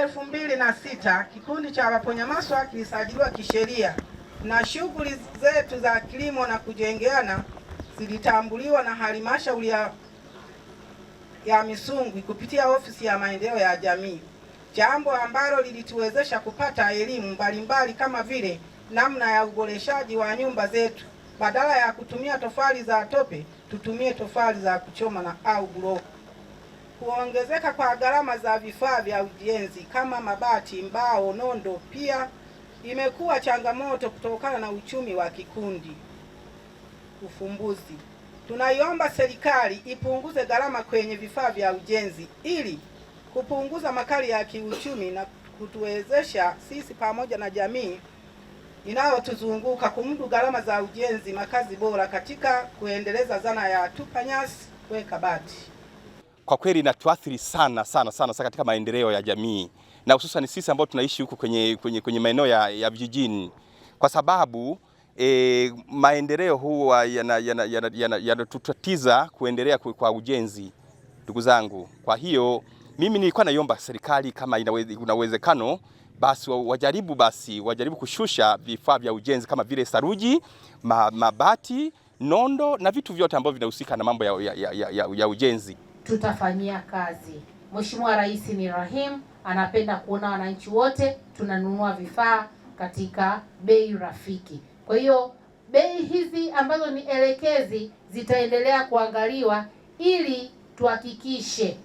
elfu mbili na sita kikundi cha maswa kilisajiliwa kisheria na shughuli zetu za kilimo na kujengeana zilitambuliwa na halmashauri ya, ya Misungwi kupitia ofisi ya maendeleo ya jamii, jambo ambalo lilituwezesha kupata elimu mbalimbali kama vile namna ya uboreshaji wa nyumba zetu. Badala ya kutumia tofali za tope, tutumie tofali za kuchoma na au bloku kuongezeka kwa gharama za vifaa vya ujenzi kama mabati, mbao, nondo pia imekuwa changamoto kutokana na uchumi wa kikundi. Ufumbuzi. Tunaiomba serikali ipunguze gharama kwenye vifaa vya ujenzi ili kupunguza makali ya kiuchumi na kutuwezesha sisi pamoja na jamii inayotuzunguka kumudu gharama za ujenzi makazi bora katika kuendeleza zana ya tupa nyasi weka bati kwa kweli inatuathiri sana sana sana sana katika maendeleo ya jamii na hususan sisi ambao tunaishi huku kwenye, kwenye, kwenye maeneo ya, ya vijijini kwa sababu e, maendeleo huwa yanatutatiza kuendelea kwa ujenzi, ndugu zangu. Kwa hiyo mimi nilikuwa naiomba serikali kama ina uwezekano basi wajaribu basi wajaribu kushusha vifaa vya ujenzi kama vile saruji, mabati, nondo na vitu vyote ambavyo vinahusika na mambo ya, ya, ya, ya, ya ujenzi tutafanyia kazi. Mheshimiwa Rais ni rahimu, anapenda kuona wananchi wote tunanunua vifaa katika bei rafiki. Kwa hiyo bei hizi ambazo ni elekezi zitaendelea kuangaliwa ili tuhakikishe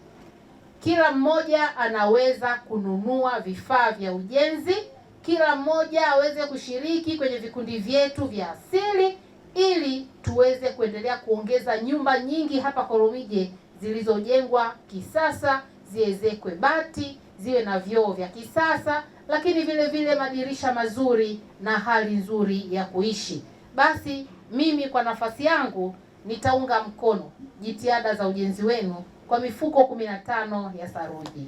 kila mmoja anaweza kununua vifaa vya ujenzi, kila mmoja aweze kushiriki kwenye vikundi vyetu vya asili ili tuweze kuendelea kuongeza nyumba nyingi hapa Koromije zilizojengwa kisasa, ziezekwe bati, ziwe na vyoo vya kisasa, lakini vile vile madirisha mazuri na hali nzuri ya kuishi. Basi mimi kwa nafasi yangu nitaunga mkono jitihada za ujenzi wenu kwa mifuko 15 ya saruji.